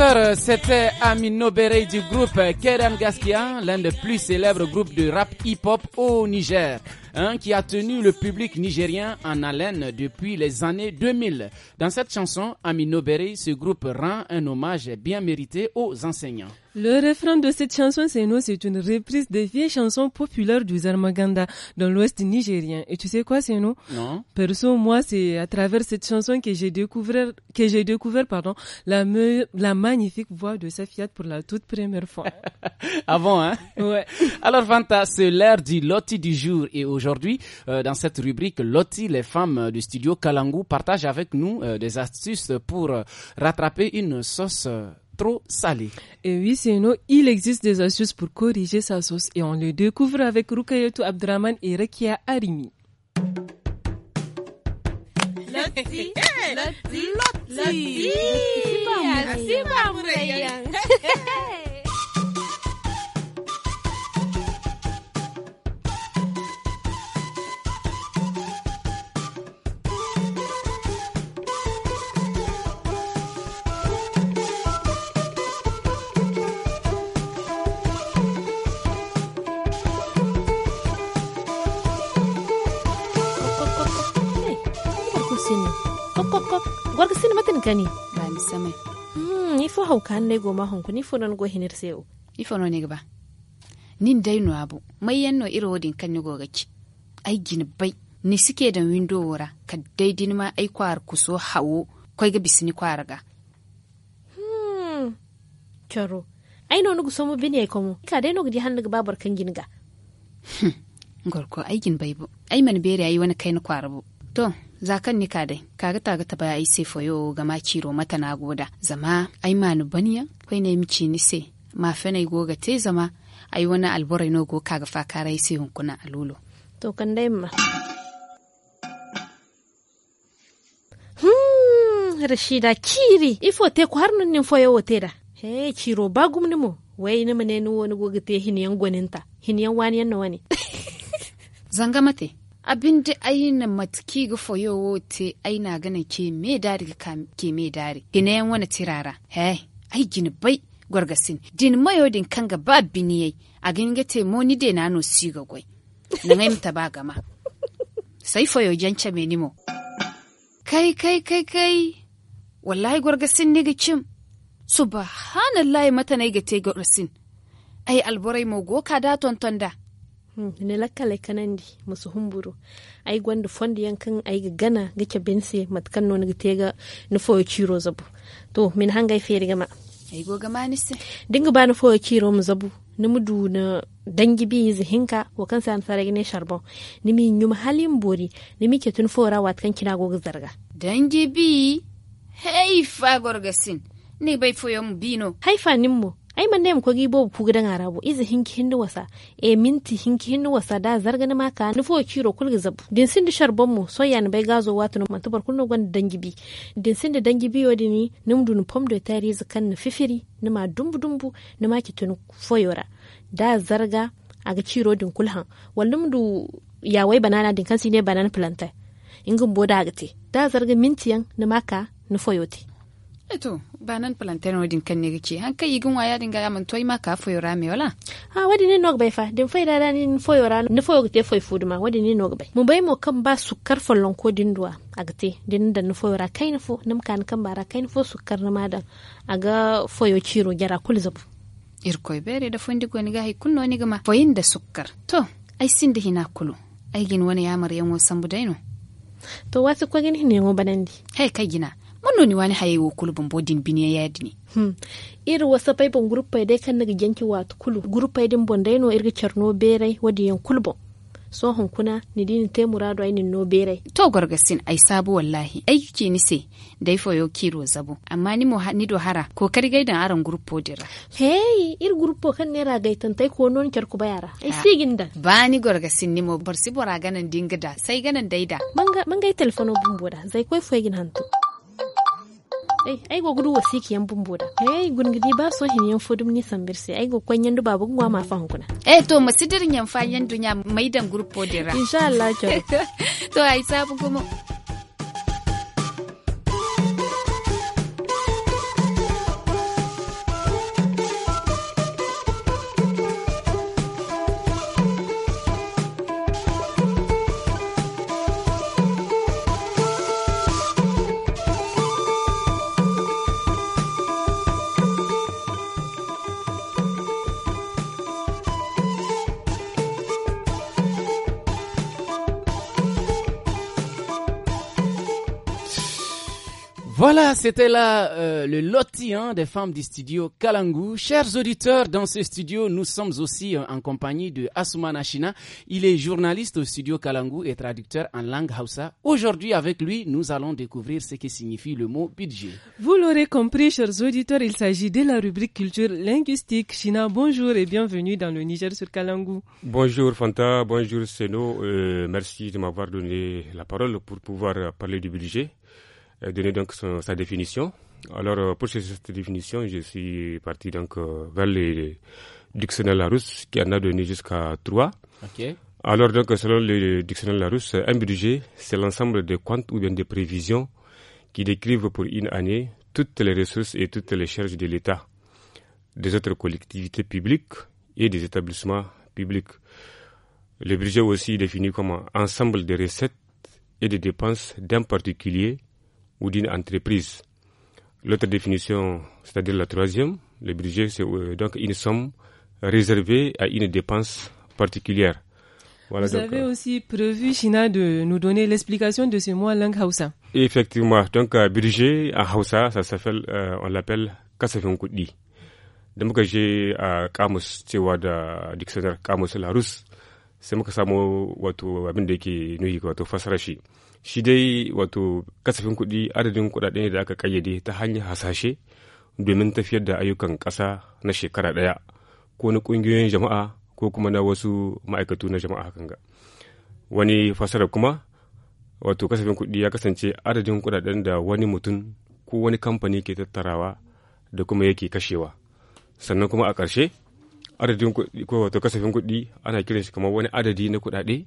Euh, c'était Amino Berey du groupe euh, Kerem Gaskia, l'un des plus célèbres groupes de rap hip-hop au Niger, un hein, qui a tenu le public nigérien en haleine depuis les années 2000. Dans cette chanson, Amino Berey, ce groupe rend un hommage bien mérité aux enseignants. Le refrain de cette chanson, c'est nous, c'est une reprise des vieilles chansons populaires du Zarmaganda dans l'ouest nigérien. Et tu sais quoi, c'est nous? Non. Perso, moi, c'est à travers cette chanson que j'ai découvert, que j'ai découvert, pardon, la, la magnifique voix de Safiat pour la toute première fois. Avant, ah hein? Ouais. Alors, Vanta, c'est l'heure du loti du jour. Et aujourd'hui, euh, dans cette rubrique lotti les femmes du studio Kalangu partagent avec nous euh, des astuces pour euh, rattraper une sauce trop salé. Et oui, sinon, il existe des astuces pour corriger sa sauce et on le découvre avec Rukayotu Abdraman et Rekia Arimi. gorko sini matin gani ba mi samai hmm, ni fo haukan ne go ma honko ni fonon go hinir o. ifo no ne gaba nin dai no abu mai yanno iro wodin kan ni go gaki ai gin bai ni suke da windo wora ka dai din ma ai kwar kuso hawo koi ga bisini kwar ga hmm choro ai no nugu somo bine komo ka dai no gidi hannu babar kan ga gorko ai gin bai bu ai man bere ai wani kai ni kwar bu to zakan nika dai kaga taga ta baya ise foyo ma kiro mata na goda zama ai manu baniya kai ne mici ni se ma fenai goga te zama ai wani alborai no go kaga fa kara ise hunkuna to kan dai ma hmm, rashida kiri ifo te ko har nun foyo wote da he kiro ba gumni mo wai ni mene ni wani goga te hiniyan gwaninta hiniyan wani yan wani zanga mate abin da aina matki ga foyowo te aina gana ke me dari ke me dari gina yan wani tirara he ai gini bai gwargasin din mayo din kan ga ba biniyai a gini ga te mo ni de na no si ga gwai na ngai mta ba gama sai foyo jancha me nimo kai kai kai kai wallahi gwargasin ne ga cim subhanallahi mata na ga te gwargasin ai alborai mo goka da tonton da Hmm, ne lakale kanandi musu humburu ai gwanda fondi yankan ai gana gake bense matkan no ngi tega no fo chiro zabu to min hanga fere gama ai go gama se dinga ba no fo chiro mu zabu mudu na dangi bi zihinka wa kan san sare gine sharbon mi nyum halin bori ni mi ke tun fora wat kan kina go zarga dangi bi hey fa gorgasin ne bai fo yom bino haifa nimmo ai man ne ko gibo ku gidan arabu izi hinki hindu wasa e minti hinki hindu wasa da zargani maka nufo kiro kulga zabu din sin di sharbon mu so yan bai gazo watu man tubar kulno gwan dangibi din sin di dangibi yodi ni numdu nu de tari zakan na fifiri ma dumbu dumbu ma ki kitun foyora da zarga aga ciro din kulhan wallum du wai banana din si ne banana plantain ingin boda agate da zarga mintiyan na maka na foyoti. eto banan plantain wadin kan ne gici han kai igin waya dinga ya mantoy ma ka foyo rame wala ha ah, wadi ne nog bai fa din fai dada ni foyo ran ni foyo te foyo ma wadi ne nog bai mun bai mo kan ba sukar karfa ko din duwa gite, din da ni foyo ra kai ni fo nim kan kan bara kai ni fo sukar na madan aga foyo ciro gyara kul zabu irkoy bere da fondi goni ga hay kunno ni gama foyin da sukkar to ai sin da hina kulu ai gin wani yamar yan wasan budaino to wasu ko gin ne ngo banandi hey kai gina ni wani haye wo kulubin bodin bini ya yadini hmm. wasa pai bon dai kan naga yanki wata kulu gurfai din bon dai no irga charno berai wadi yan kulbo so kuna ni dini te murado ai no berai to gorgasin ai sabu wallahi ai ki ni se dai foyo kiro zabo amma ni mo ni do hara ko kari gaidan aran grupo dira hey ir grupo kan ne ragai tantai ko non kyar ku bayara ai sigin da bani gorgasin ni mo barsi bora ganan dinga da sai ganan daida manga manga telefono bumboda zai koi foyin hantu Eh, ai ai go gudu wasi ki yambun boda ai eh, gungidi ba so hin yan fodum ni sambirse ai go kwanyen du babu gwa ma fa hunkuna eh to masidirin yan fa yan dunya maidan grupo dira insha Allah to ai sabu kuma Voilà, c'était là euh, le loti hein, des femmes du studio Kalangu. Chers auditeurs, dans ce studio, nous sommes aussi euh, en compagnie de Asumana China. Il est journaliste au studio Kalangu et traducteur en langue Hausa. Aujourd'hui, avec lui, nous allons découvrir ce que signifie le mot budget. Vous l'aurez compris, chers auditeurs, il s'agit de la rubrique culture linguistique. China, bonjour et bienvenue dans le Niger sur Kalangu. Bonjour Fanta, bonjour Seno. Euh, merci de m'avoir donné la parole pour pouvoir parler du budget. Euh, donner donc sa définition. Alors, euh, pour cette définition, je suis parti donc euh, vers le dictionnaire Larousse qui en a donné jusqu'à trois. Alors, donc, selon le dictionnaire Larousse, un budget, c'est l'ensemble des comptes ou bien des prévisions qui décrivent pour une année toutes les ressources et toutes les charges de l'État, des autres collectivités publiques et des établissements publics. Le budget aussi est défini comme ensemble des recettes et des dépenses d'un particulier ou d'une entreprise. L'autre définition, c'est-à-dire la troisième, le budget, c'est euh, donc une somme réservée à une dépense particulière. Vous avez euh, aussi prévu, China, de nous donner l'explication de ce mot langue Hausa. Effectivement. Donc, euh, budget en Hausa, ça s'appelle, euh, on l'appelle kasafin kudi. Da muka je a kamus cewa da c'est kamus Larus, sai mot que wato abin da yake nuhi wato fasara shi. shi dai wato kasafin kuɗi adadin kuɗaɗe ne da aka ƙayyade ta hanyar hasashe domin tafiyar da ayyukan ƙasa na shekara ɗaya ko na ƙungiyoyin jama'a ko kuma na wasu ma'aikatu na jama'a hakan ga wani fasara kuma wato kasafin kuɗi ya kasance adadin kuɗaɗen da wani mutum ko wani kamfani ke tattarawa da kuma yake kashewa sannan kuma a ƙarshe adadin kuɗi ko wato kasafin kuɗi ana kiran shi kamar wani adadi na kuɗaɗe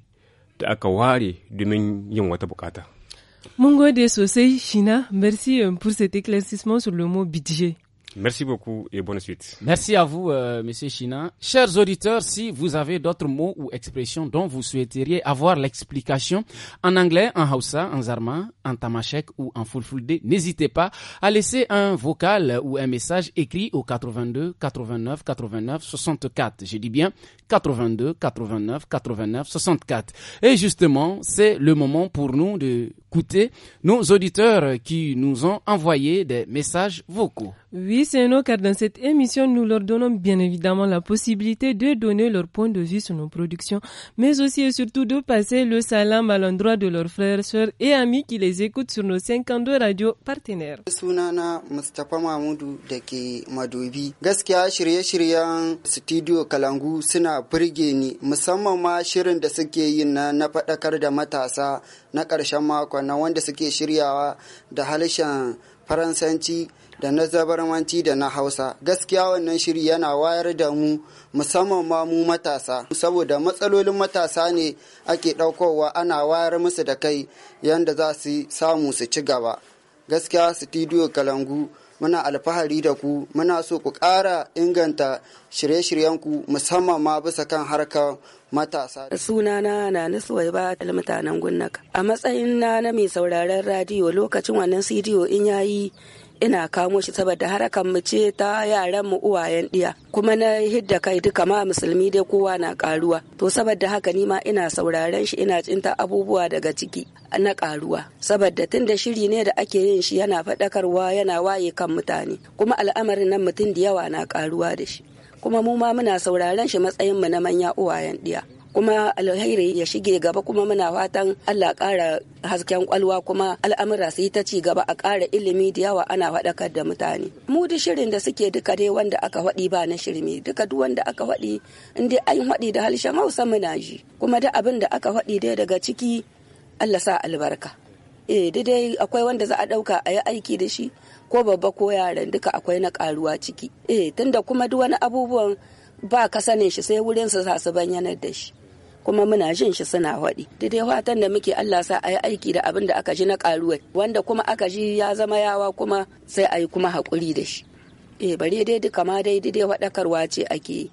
da de ware domin yin merci euh, pour cet éclaircissement sur le mot budget. Merci beaucoup et bonne suite. Merci à vous, euh, Monsieur China. Chers auditeurs, si vous avez d'autres mots ou expressions dont vous souhaiteriez avoir l'explication en anglais, en Hausa, en Zarma, en Tamashek ou en Fulfulde, n'hésitez pas à laisser un vocal ou un message écrit au 82 89 89 64. Je dis bien 82 89 89 64. Et justement, c'est le moment pour nous de écouter nos auditeurs qui nous ont envoyé des messages vocaux. Oui. Julie Seno, car dans cette émission, nous leur donnons bien évidemment la possibilité de donner leur point de vue sur nos productions, mais aussi et surtout de passer le salam à l'endroit de leurs frères, sœurs et amis qui les écoutent sur nos 52 radios partenaires. Sunana Mustapha Mahmudu da ke Madobi. Gaskiya shirye-shiryen Studio Kalangu suna burge ni musamman ma shirin da suke yin na na faɗakar da matasa na ƙarshen makon na wanda suke shiryawa da harshen Faransanci da na zabarmanci da na hausa gaskiya wannan shiri yana wayar da mu musamman ma mu matasa saboda matsalolin matasa ne ake ɗaukowa ana wayar musu da kai yadda za su samu su ci gaba gaskiya studio kalangu muna alfahari da ku muna so ku ƙara inganta shirye-shiryenku musamman ma bisa kan harkar matasa. Sunana na Nisuwai ba da mutanen gunnaka. A matsayin na na mai sauraren radiyo lokacin wannan CDO in yayi ina kamo shi saboda harakan mu ce ta yaran mu uwayen ɗiya, kuma na hidda kai duka ma musulmi dai kowa na karuwa to saboda haka ni ma ina sauraren shi ina cinta abubuwa daga ciki na karuwa saboda tun da shiri ne da ake yin shi yana faɗakarwa yana waye kan mutane kuma al'amarin nan mutum da yawa na karuwa da shi kuma mu ma muna sauraren shi matsayin mu na manya uwayen ɗiya. kuma alheri ya shige gaba kuma muna fatan Allah ƙara hasken kwalwa kuma al'amura su yi ta ci gaba a ƙara ilimi da yawa ana faɗakar da mutane mu da shirin da suke duka dai wanda aka faɗi ba na shirme duka duk wanda aka faɗi in dai an faɗi da harshen hausa muna ji kuma da abin da aka faɗi dai daga ciki Allah sa albarka eh dai akwai wanda za a ɗauka a yi aiki da shi ko babba ko yaran duka akwai na karuwa ciki eh tunda kuma duk wani abubuwan ba ka sanin shi sai wurin su sa su banyanar da shi kuma muna jin shi suna Da dai fatan da muke Allah sa a yi aiki da abin da aka ji na karuwa wanda kuma aka ji ya zama yawa kuma sai ayi kuma haƙuri da shi eh bare dai duka ma dai dai faɗakarwa ce ake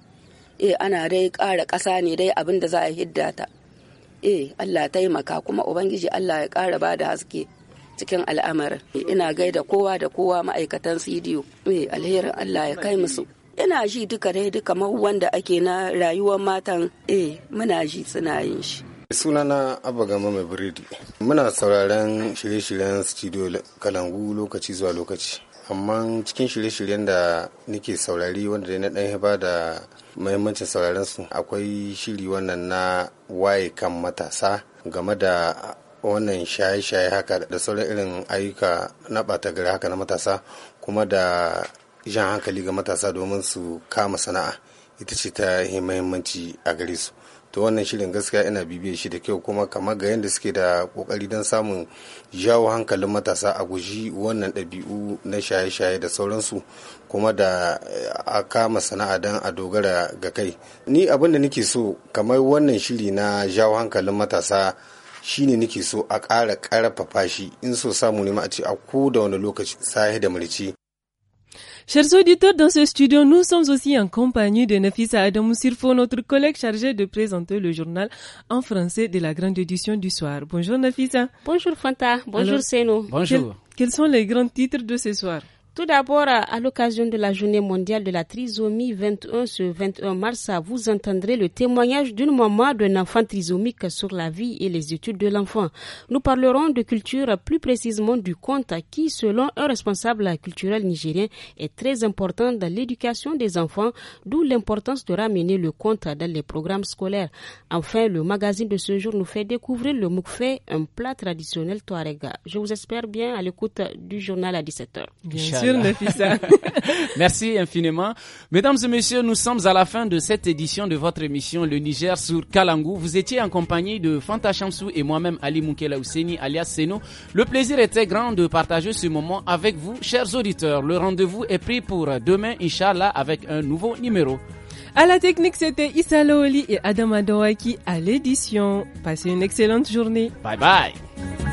eh ana dai ƙara ƙasa ne dai abin da za a hidda ta eh Allah taimaka kuma ubangiji Allah ya ƙara ba da haske cikin al'amarin eh, ina gaida kowa da kowa ma'aikatan cdo eh alherin Allah ya kai musu ina ji duka dai duka wanda ake na rayuwar matan eh muna ji suna yin shi sunana abagama mai biredi muna sauraren shirye-shiryen studio kalangu lokaci zuwa lokaci amma cikin shirye-shiryen da nake saurari wanda dai na dan ba da mahimmancin sauraren su akwai shiri wannan na waye kan matasa game da wannan shaye-shaye haka da sauran irin ayyuka na ɓata gari haka na matasa kuma da jan hankali ga matasa domin su kama sana'a ita ce ta muhimmanci a gare su to wannan shirin gaskiya ina bibiyar shi da kyau kuma kamar ga yadda suke da kokari don samun jawo hankalin matasa a guji wannan ɗabi'u na shaye-shaye da sauransu kuma da eh, a kama sana'a don a dogara ga kai ni abin da nake so kamar wannan shiri na jawo hankalin matasa shine nake so a ƙara ƙarfafa shi in so samu ne ma a ce a ko da wani lokaci sahi da mulci Chers auditeurs, dans ce studio, nous sommes aussi en compagnie de Nafisa Adam notre collègue chargé de présenter le journal en français de la grande édition du soir. Bonjour Nafisa. Bonjour Fanta. Bonjour Seno. Bonjour. quels sont les grands titres de ce soir tout d'abord, à l'occasion de la journée mondiale de la trisomie 21 ce 21 mars, vous entendrez le témoignage d'une maman d'un enfant trisomique sur la vie et les études de l'enfant. Nous parlerons de culture, plus précisément du conte qui, selon un responsable culturel nigérien, est très important dans l'éducation des enfants, d'où l'importance de ramener le conte dans les programmes scolaires. Enfin, le magazine de ce jour nous fait découvrir le moukfé, un plat traditionnel touareg. Je vous espère bien à l'écoute du journal à 17h. Merci infiniment. Mesdames et messieurs, nous sommes à la fin de cette édition de votre émission Le Niger sur Kalangu Vous étiez en compagnie de Fanta Chamsou et moi-même Ali Moukela Ouseni alias Seno. Le plaisir était grand de partager ce moment avec vous, chers auditeurs. Le rendez-vous est pris pour demain, Inch'Allah, avec un nouveau numéro. À la technique, c'était Issa Looli et Adam Adouaki à l'édition. Passez une excellente journée. Bye bye.